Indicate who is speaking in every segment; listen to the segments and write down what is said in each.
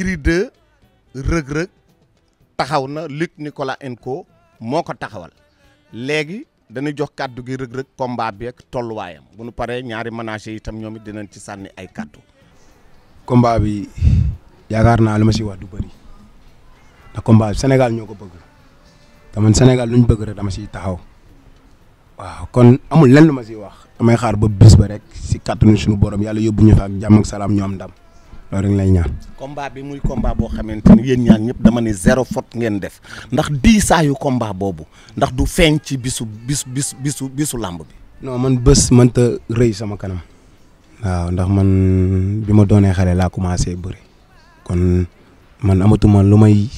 Speaker 1: Gris 2 rëg-rëg taxaw na Luc Nicolas Enco moo ko taxawal léegi dañuy jox kàddu gi rëg-rëg combat bi tolluwaayam bu nu paree ñaari manager itam ñoom it ci sànni ay kàddu combat bi yaakaar naa lu ma si wax du bëri ndax combat bi Sénégal ñoo ko bëgg te man Sénégal lu bëgg rek dama siy taxaw waaw kon amul lenn lu ma siy wax damay xaar ba bis ba rek si kàttanu suñu borom yàlla yóbbu ñu fa ak jàmm salaam ñoom am ndam loolu rek lay ñaan. combat bi muy combat boo xamante ni yéen ñaan ñëpp dama ne zéro faute ngeen def ndax saayu combat boobu ndax du feeñ ci bisu bisu bisu bisu làmb bi. non man bës bés mënta rëy sama kanam. waaw ndax man bi ma doonee xale laa commencé bëri kon man amatuma lu may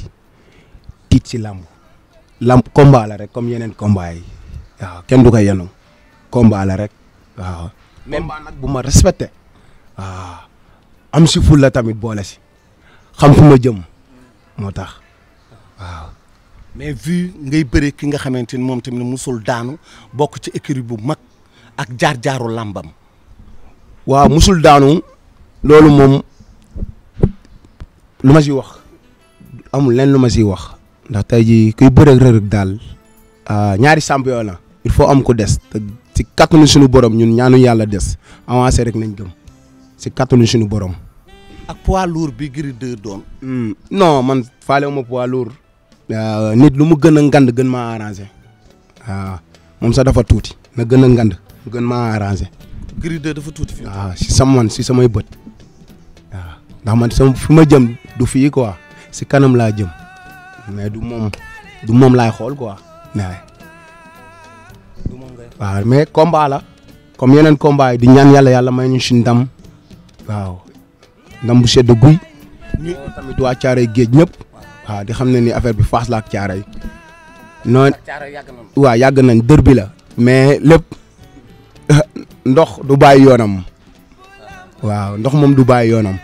Speaker 1: ci làmb. làmb combat la rek comme yeneen combat yi waaw kenn du ko yenu combat la rek waaw. même nag bu ma respecté waaw. am si ful la tamit boole si xam fu ma jëm moo tax waaw. mais vi ngay bëre ki nga xamante ni moom tamit musul daanu bokk ci écurie bu mag ak jaar-jaaru làmbam. waaw musul daanu loolu moom lu ma si wax am lenn lu ma si wax ndax tey jii kuy bëre Reug daal daal ah, ñaari champion la il faut am ko des te si kattanu borom ñun ñaanu yàlla des avancé rek nañ gëm si kattanu suñu borom. ak poids lourd bi Gris 2 doon. Hmm. non man faale wu ma poids lourd. Euh, nit lu mu gën a ngand gën maa arrangé. waaw ah, moom sax dafa tuuti. na gën a ngand gën maa arrangé. Gris 2 dafa tuuti fii. waaw ah, si sama man si samay bët. waaw ah, ndax man sama fi ma jëm du fii quoi si kanam laa jëm. mais du moom du moom laay xool quoi. waaw. mais combat la. comme yeneen combat yi di ñaan yàlla yàlla may ñu si ndam. waaw ndam bu sedd guy ñu géej ñëpp di xam ne ni affaire bi faas la ak caaray yàgg nañ dër bi la mais lépp ndox du bàyyi yoonam waaw ndox moom du bàyyi yoonam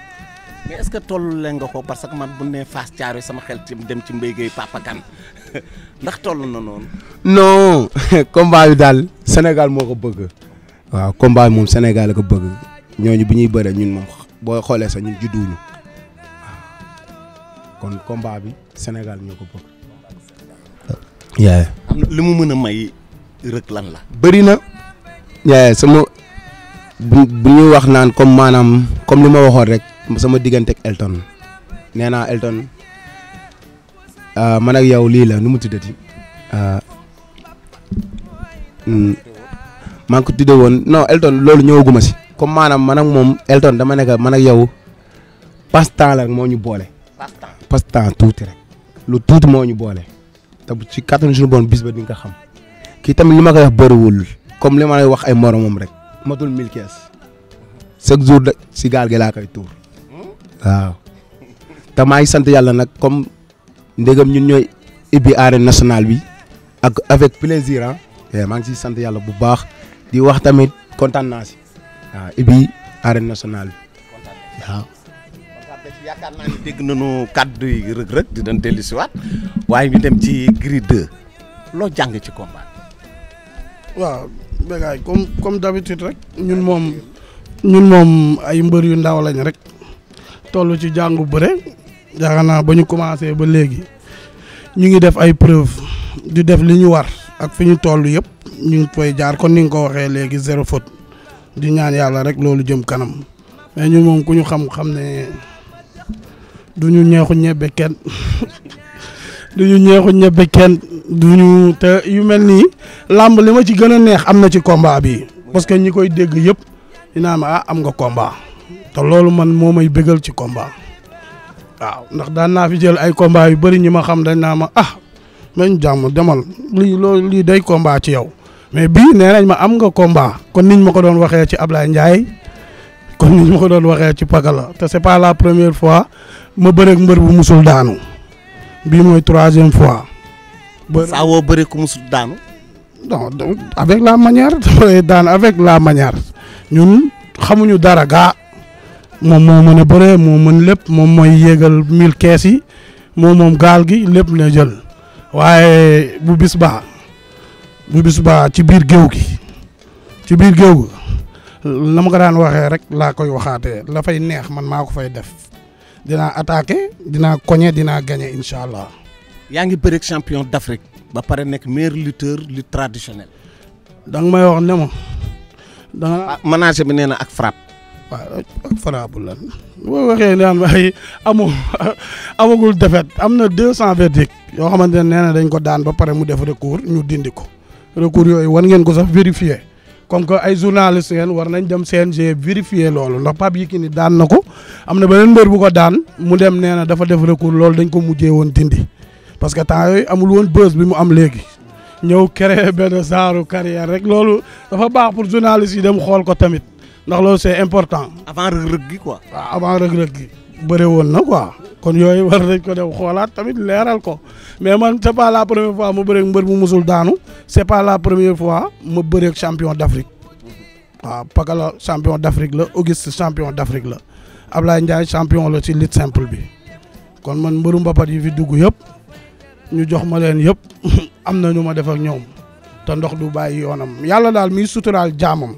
Speaker 1: mais est-ce que toll leen nga ko parce que man bu ne Fass Thiaroye sama xel dem ci mbéy gay ndax toll na noonu. non combat bi daal Sénégal moo ko bëgg. waaw combat bi moom Sénégal ko bëgg ñooñu bi ñuy bëre ñun moom boo xoolee sax ñun judduwuñu waaw kon combat bi Sénégal ñoo ko bokk. yaay li mu mën a may rek lan la. bëri na. yaay sama bu bu ñuy wax naan comme maanaam comme li ma waxoon rek sama diggante ak Elton nee naa Elton ah, man ak yow lii la nu mu tuddati. Ah, hmm, maa ngi ko tuddee woon non Elton loolu ñëwaguma si. comme maanaam man ak moom Elton dama nekk man ak yow passe temps la rek moo ñu boole. passe temps passe temps tuuti rek. lu tuuti moo ñu boole. te ci kattanu suñu bon bis ba di nga xam. kii tamit lu ma koy wax bëriwul. comme li ma lay wax ay moromam rek. matul mille kees. chaque jour da gi laa koy tuur. waaw. te maa ngi sant yàlla nag comme ndegam ñun ñooy ubbi arène nationale bi. ak avec plaisir ah. Eh, maa ngi siy sant yàlla bu baax. di wax tamit kontaan naa si. waaw et puis arène nationale bi waaw. yaakaar naa ni dégg nañu kàddu yi Reug Reug di doon dellu si waaye ñu dem ci Gris
Speaker 2: loo jàng ci combat waaw bégaay comme comme d'habitude rek ñun moom ñun moom ay mbër yu ndaw lañ rek toll ci jàngu bëre yaakaar ba ñu commencé ba léegi ñu ngi def ay preuve di def li ñu war ak fi ñu toll yëpp ñu koy jaar kon ni ko waxee léegi zéro faute di ñaan yàlla rek loolu jëm kanam mais ñun moom ku ñu xam xam ne du ñu ñeexu ñebe kenn du ñu te yu mel nii làmb li ma ci gën a neex am na ci combat bi parce que ñi koy dégg yëpp dinaa ma ah, am nga combat te loolu man moo may bégal ci combat waaw ndax daan naa fi jël ay combat yu bëri ñi ma xam dañ naa ma ah man jàmm demal lii loolu lii day combat ci yow. mais bii nee nañ ma am nga combat kon niñ ma ko doon waxee ci Ablaye Ndiaye kon niñ ma ko doon waxee ci pagala te c'est pas la première fois ma bëreeg mbër bu musul daanu bii mooy troisième fois.
Speaker 1: saa woo bëri ku musul daanu.
Speaker 2: non avec la manière daan avec la manière ñun xamuñu dara gaa moom moo mën a bëree moo mën lépp moom mooy yéegal mille kees yi moom moom gaal gi lépp la jël waaye bu bis baa bu bis baa ci biir géew gi ci biir géew gi na ma ko daan waxee rek laa koy waxaatee la fay neex man maa ko fay def dinaa attaqué dinaa koñe dinaa gagné incha allah.
Speaker 1: yaa ngi bëreeg champion d'Afrique ba pare nekk meilleur lutteur lu traditionnel. da nga may wax ne ma. da manage ah, manager bi nee na ak frappe. waaw ak frappe la
Speaker 2: boo waxee daan ay amu amagul defet am na deux cent verdict yoo xamante ne nee na dañ ko daan ba pare mu def recours ñu dindi ko. recours yooyu war ngeen ko sax vérifier comme que ay journaliste ngeen war nañ dem CNG vérifier loolu ndax Pape Yékini daan na ko am na beneen mbër bu ko daan mu dem nee na dafa def recours loolu dañ ko mujjee woon dindi parce que temps yooyu amul woon buzz bi mu am léegi ñëw créer benn genre carrière rek loolu dafa baax pour journaliste yi dem xool ko tamit ndax loolu c'est important. avant rëg-rëg gi quoi. avant rëg-rëg gi. bëre woon na quoi kon yooyu war nañ ko def xoolaat tamit leeral ko mais man c'est pas la première fois ma bëreeg mbër mu musul daanu c'est pas la première fois ma bëreeg champion d'Afrique waaw Pakala champion d'Afrique la Auguste champion d'Afrique la Ablaye Ndiaye champion la ci lutte simple bi kon man mbëru mbapat yi fi dugg yëpp ñu jox ma leen yëpp am na ñu ma def ak te ndox du bàyyi yoonam yàlla daal miy suturaal jaamam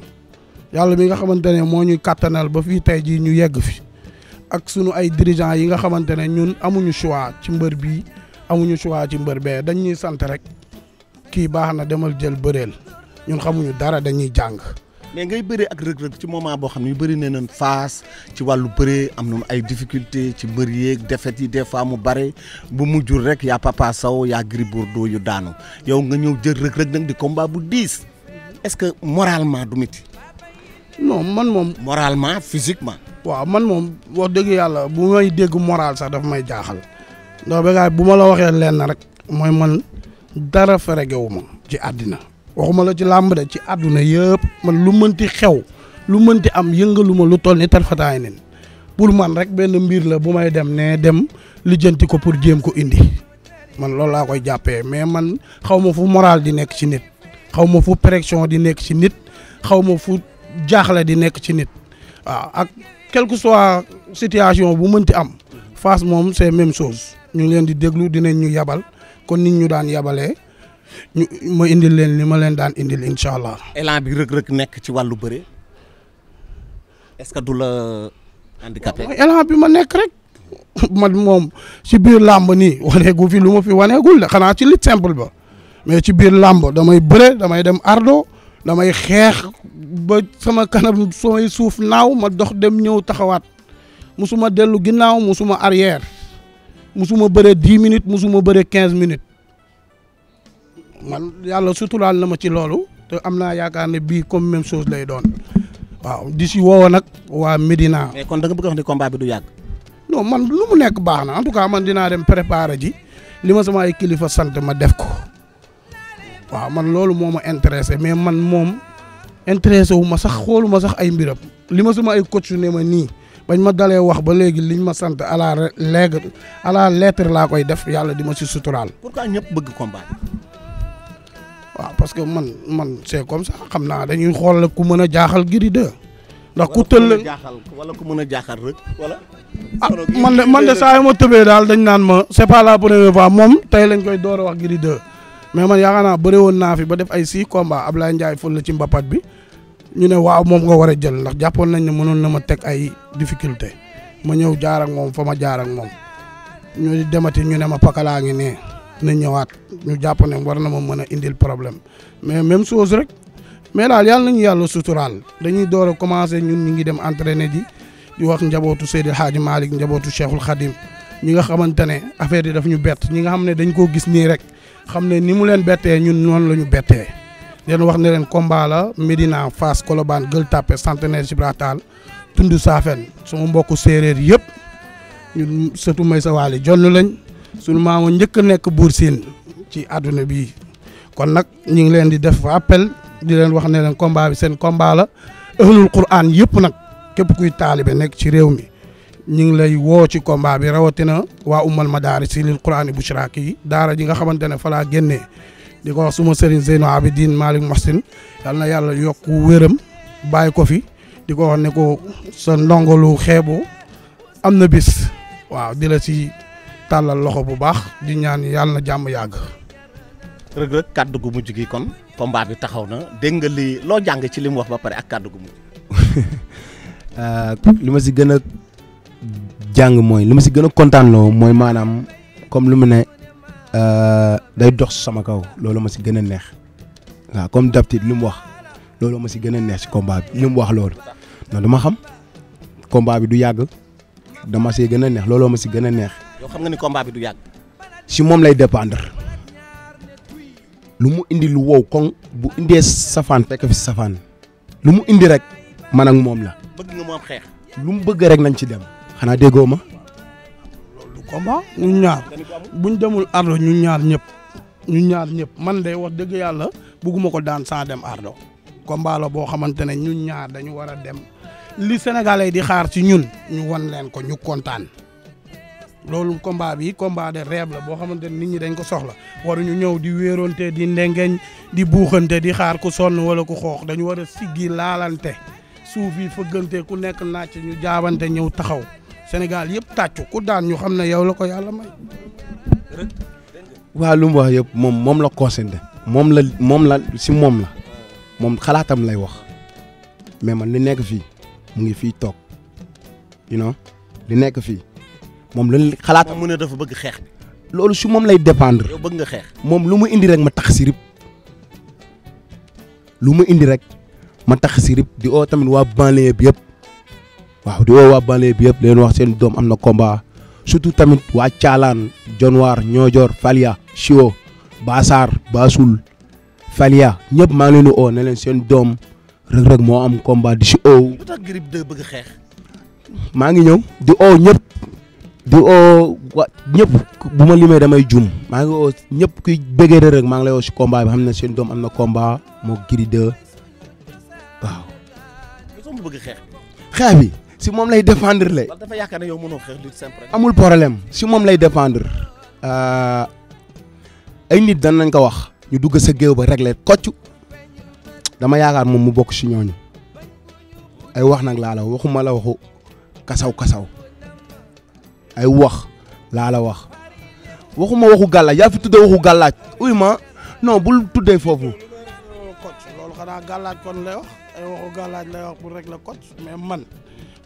Speaker 2: yàlla mi nga xamante ne moo ñuy kattanal ba fii tey jii ñu yegg fi ak sunu ay dirigeants yi nga xamante ne ñun amuñu choix ci mbër bii amuñu choix ci mbër bee dañ ñuy sant rek kii baax na demal jël bëreel ñun xamuñu dara dañuy jàng.
Speaker 1: mais ngay bëree ak rëg-rëg ci moment boo xam ne bëri ne nañ face ci wàllu bëree am nañu ay difficulté ci mbër yeeg défaites yi des fois mu bare bu mujjul rek yaa Papa Sow yaa Gris Bordeaux yu daanu yow nga ñëw jël rëg-rëg nag di combat bu diis est-ce que moralement du métti
Speaker 2: non man moom moralement physiquement waaw man moom wax dëgg yàlla bu may dégg moral sax dafa may jaaxal ndax béykat bu ma la waxee leen na rek mooy man dara feregewu ma ci àddina waxuma la ci làmb de ci àdduna yëpp man lu mënti xew lu mënti am yëngaluma lu toll ni tarfataay nen pour man rek benn mbir la bu may dem ne dem lijjanti ko pour jéem ko indi man loolu laa koy jàppee mais man xaw ma fu moral di nekk ci nit xaw ma fu pression di nekk ci nit xaw ma fu jaaxle di nekk ci nit quelque que soit situation bu mënti am Fass moom c'est même chose ñu ngi leen di déglu dinañ ñu yabal kon nit ñu daan yabalee ñu ma indil leen li ma leen daan indil incha allah.
Speaker 1: élan bi rëg-rëg nekk ci wàllu bëre est-ce que du la handicapé. élan
Speaker 2: bi ma nekk rek man moom ci biir làmb nii waneegu fi lu ma fi waneegul de xanaa ci li simple ba mais ci biir làmb damay bëre damay dem ardo. damay xeex ba sama kanam samay suuf naaw ma dox dem ñëw taxawaat musuma dellu ginnaaw musuma arrière musuma bëre dix minutes musuma bëre quinze minutes man yàlla suturaal na ma ci loolu te am naa yaakaar ne bii comme même chose lay doon waaw di si woowoon nag waa Medina. mais kon da nga bëgg wax ni bi du yàgg. non man lu mu nekk baax na en tout cas man dinaa dem préparer ji li ma sama ay kilifa sant ma def ko. waaw man loolu moo ma intéressé mais man moom intéressé wu ma sax xooluma sax ay mbiram li ma suma ay coach ne ma nii bañ ma dalee wax ba léegi liñ ma sant à la lettre à laa koy def yàlla di ma si suturaal. pourquoi ñëpp bëgg combat waaw parce que man man c'est comme sax xam naa dañuy xool ku mën a jaaxal Gris 2 ndax ku tëll
Speaker 1: wala ku mën a jaaxal rek wala. ah man de man de
Speaker 2: saa yu ma tëbee daal dañ naan ma c'est pas la première fois moom tey lañ koy door a wax Gris 2 mais man yaakaar naa bëri woon naa fi ba def ay six combats Ablaye Ndiaye ful la ci mbapat bi ñu ne waaw moom nga war a jël ndax jàppoon nañ ne mënoon na ma teg ay difficulté ma ñëw jaar moom fa ma jaar moom ñu demati ñu ne ma pakalaa ngi ne na ñëwaat ñu jàpp ne war na ma mën a indil problème mais même chose rek mais daal yàlla nañu yàlla suturaal dañuy door a commencé ñun ñu ngi dem entraîné ji di wax njabootu Seydil Hadji Malick njabootu Cheikhul Khadim ñi nga xamante ne affaire yi daf ñu bett ñi nga xam ne dañ koo gis nii rek xam ne ni mu leen bettee ñun noonu la ñu bettee leen wax ne leen combat la Médina Fass Colobane Gueule Tapée Centenaire Gibraltar tund Saafeen sama mbokku séeréer yëpp ñun may sa waali jonn lañ sunu maamu njëkk a nekk buur siin ci àdduna bi kon nag ñu ngi leen di def appel di leen wax ne leen combat bi seen combat la Qur'an yëpp nag képp kuy taalibe nekk ci réew mi ñu ngi lay woo ci combat bi rawatina waa ummal madaaris lil quraani bushraaki yi daara ji nga xamante ne falaa génnee di ko wax suma sëriñ Zeyno Abidin Malick Mohsin yal na yàlla yokk wéram bàyyi ko fi di ko wax ne ko sa ndongolu xeebo am na bis waaw di si tàllal loxo bu baax di ñaan yàlla na jàmm yàgg.
Speaker 1: Reug Reug kàddu gu mujj gi kon combat bi taxaw na dégg nga lii loo jàng ci li wax ba pare ak kàddu gu mujj. Euh, li ma si gën jàng mooy lu ma si gën a kontaan loo mooy maanaam comme lu mu ne euh, day dox sama kaw loolu ma si gën a neex waaw comme d'habitude li mu wax loolu ma si gën a neex si combat bi li mu wax loolu non ma xam combat bi du yàgg dama see gën a neex looloo ma si gën a neex. yow xam nga ni combat bi du yàgg. si moom lay dépendre lu mu indi lu wow koŋ bu indee safaan fekk fi safaan lu mu indi rek man ak moom la.
Speaker 2: bëgg nga mu am lu mu bëgg rek nañ
Speaker 1: ci dem. xanaa déggoo ma. loolu
Speaker 2: combat ñun ñaar buñ demul ardo ñu ñaar ñëpp ñun ñaar ñëpp man de wax dëgg yàlla bugguma ko daan sans dem ardo combat boo xamante ne ñun ñaar dañu war a dem li yi di xaar ci ñun ñu wan leen ko ñu kontaan loolu combat bi combat de rêve la boo xamante ne nit ñi dañ ko soxla war ñu ñëw di wéeronte di ndengeñ di buuxante di xaar ku sonn wala ku xoox dañu war a siggi laalante suuf yi fëggante ku nekk naaj ñu jaabante ñëw taxaw Sénégal yëpp tàccu ku daan ñu xam ne yow la ko yàlla may.
Speaker 1: waaw lu mu wax moom moom la concerné moom la moom la si moom la moom xalaatam lay wax mais man li nekk fii mu ngi fii toog you know nekk fii moom lan xalaatam. mu ne dafa bëgg xeex. loolu si moom lay dépendre. bëgg nga xeex. moom lu mu indi rek ma tax si lu mu indi rek ma tax si rib di oo tamit waa banlieue bi yëpp. waaw di woo waa banlieue bi yëpp leen wax seen doom am na komba surtout tamit waa Caalaan Jonwaar Ñoojoor Falia Chio Basaar Basul Falia ñëpp maa ngi leen di oo ne seen doom Reug Reug moo am combat di si oo. lu tax xeex. maa ngi ñëw di oo ñëpp. di oo wa ñëpp bu ma jum maa ngi oo ñëpp kuy bëggee Reug Reug maa ngi lay oo si combat bi xam ne seen doom am na komba moo Gris 2 waaw. si moom lay défendre le dafa yaakaar ne yow mënoo xeex lutte simple amul problème si moom lay défendre euh, ay nit dan nañ ko wax ñu dugg sa géew ba régler kocc dama yaakaar moom mu bokk ci ñooñu ay wax nag laa la waxuma la waxu kasaw kasaw ay wax laa la wax waxuma waxu gàllaaj yaa fi tudde waxu gàllaaj uy ma non bul tuddee foofu
Speaker 2: loolu xanaa gàllaaj kon lay wax ay waxu gàllaaj lay wax pour régler coach mais man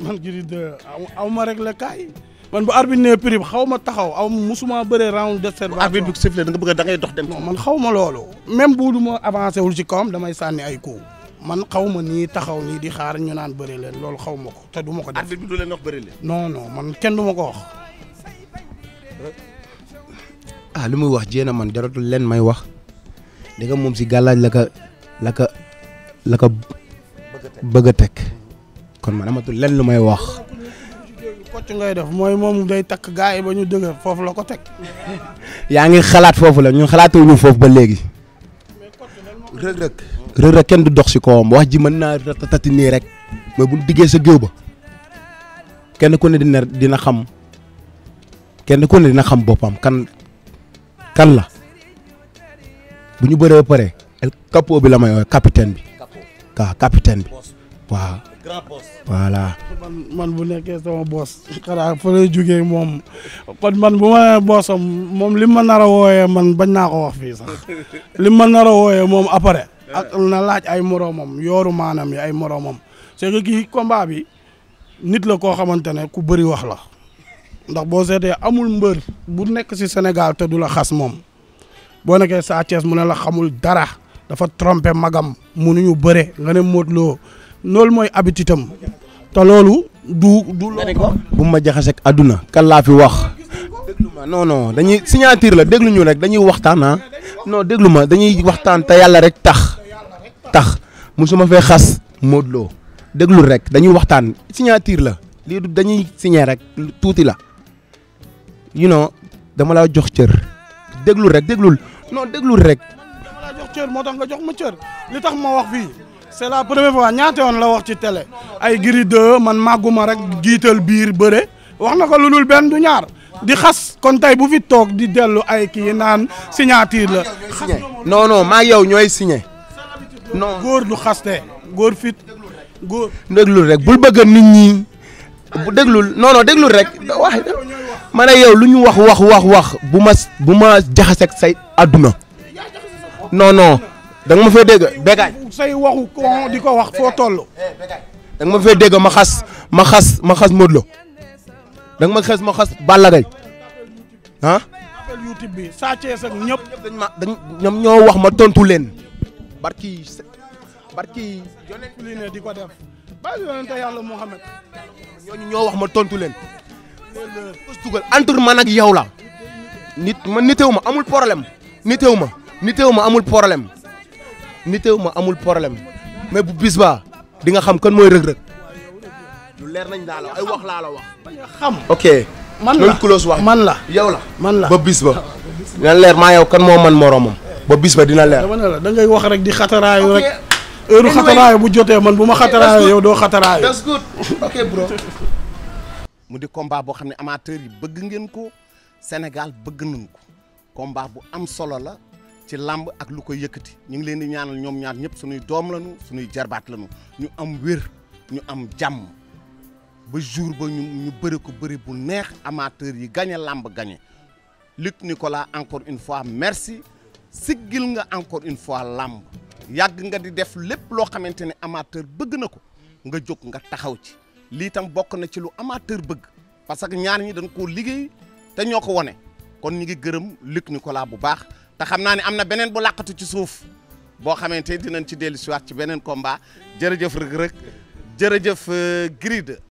Speaker 2: man Gris 2 aw ma rek la kaay man bu arbitre nee prix xaw ma taxaw aw musuma bëree round d'observation. bu arbitre bi sifflé da nga bëgg da ngay dox dem. non man xaw ma loolu. même bu du ma avancé wul ci kawam damay sànni ay coups man xaw ma nii taxaw nii di xaar ñu naan bëri leen loolu xaw ma ko te duma ko def. arbitre bi du leen wax bëri leen. man kenn du ma ko wax.
Speaker 1: ah li muy wax jéem a man jaratul leen may wax dégg nga moom si gàllaaj la ka la ka la ka a teg. kon man amatul lenn lu may wax.
Speaker 2: kocc ngay def mooy moom day takk gaa yi ba ñu dëgër foofu la ko teg.
Speaker 1: yaa ngi xalaat foofu la ñun xalaatuñu foofu ba léegi.
Speaker 2: rëg
Speaker 1: rëg kenn du dox si kawam wax ji mën naa ratatati nii rek mais bu ñu diggee sa géew ba kenn ku ne dina xam kenn ku ne dina xam boppam kan kan la bu ñu bëree ba pare el bi la may woowee capitaine bi. waaw capitaine bi. waaw. voilà.
Speaker 2: man bu nekkee sama boss. xanaa fa lay jugee moom kon man bu ma nee boosam moom li ma nar a wooyee man bañ naa ko wax fii sax li ma nar a wooyee moom après. Eh. ak na laaj ay moroomam yooru maanaam yi ay moroomam c'est que kii combat bi nit la koo xamante ne ku bëri wax la ndax boo seetee amul mbër bu nekk si Sénégal te du la xas moom boo nekkee Sa Thiès mu ne la xamul dara dafa trompe magam munuñu bëre nga ne Modou Lo loolu mooy habitude am te loolu du du loolu bu
Speaker 1: ma jaxase ak àdduna kan laa fi wax déglu ma dañuy signature la déglu ñu rek dañuy waxtaan ah déglu ma dañuy waxtaan te yàlla rek tax tax musuma fee xas Modou Lo déglu rek dañuy waxtaan siñaatiir la lii du dañuy signé rek tuuti la you know dama laa jox cër déglu rek déglul non déglul rek
Speaker 2: dama laa jox cër moo tax nga jox ma cër li tax ma wax fii c'est la première fois ñaate woon la wax ci télé ay giri man màgguma rek jiital biir bëre wax na ko lu dul benn du ñaar di xas kon tey bu fi toog di dellu ay kii naan signature la. non maa yow ñooy signé. non góor du xaste góor fit góor.
Speaker 1: déglul rek bul bëgg nit ñi bu déglul noonoo non déglul rek wax ma ne lu ñu wax wax wax wax bu ma bu say àdduna non da ma fe dégg bégaay
Speaker 2: say waxu ko di ko wax foo toll.
Speaker 1: da ma fe dégg ma xas ma xas ma xas Modou Lo da nga ma xas ma xas Balla Gaye ah.
Speaker 2: Sa ñëpp. dañ ma dañ ñoo wax ma tontu leen. barki barki. yonent li ne di ko def. ba yonente yàlla
Speaker 1: ñoo wax ma tontu leen. dugal entre man ak yow la. nit man niteew ma amul problème. niteew ma niteew ma amul problème. niteew ma amul problème mais bu bis baa di nga xam kan mooy rëg-rëg. lu leer nañ daal la ay wax laa la wax. xam ok. man la close
Speaker 2: wax man la yow la man la ba
Speaker 1: bis ba. dina leer maa yow kan moo man moromam. ba bis ba
Speaker 2: dina leer. dama ne da ngay wax rek di xataraayu rek. heure xataraayu bu jotee man bu ma xataraayu yow doo xataraayu. that's
Speaker 1: mu di combat boo xam ne amateurs yi bëgg ngeen ko Sénégal bëgg nañ ko komba bu am solo la. ci làmb ak lu koy yëkkati ñu ngi leen di ñaanal ñoom ñaar ñëpp suñuy doom lañu suñuy jarbaat lañu ñu am wér ñu am jàmm ba jour ba ñu ñu bëri ko bëri bu neex amateur yi gañe làmb gañe Luc Nicolas encore une fois merci siggil nga encore une fois làmb yàgg nga di def lépp loo xamante ne amateur bëgg na ko nga jóg nga taxaw ci lii tam bokk na ci lu amateur bëgg parce que ñaar ñi dañ ko liggéey te ñoo ko wane kon ñu ngi gërëm Luc Nicolas bu baax te xam naa ni am na beneen bu làqatu ci suuf boo xamante dinañ ci dellu siwaat ci beneen combat jërëjëf Reug Reug jërëjëf euh, Gris 2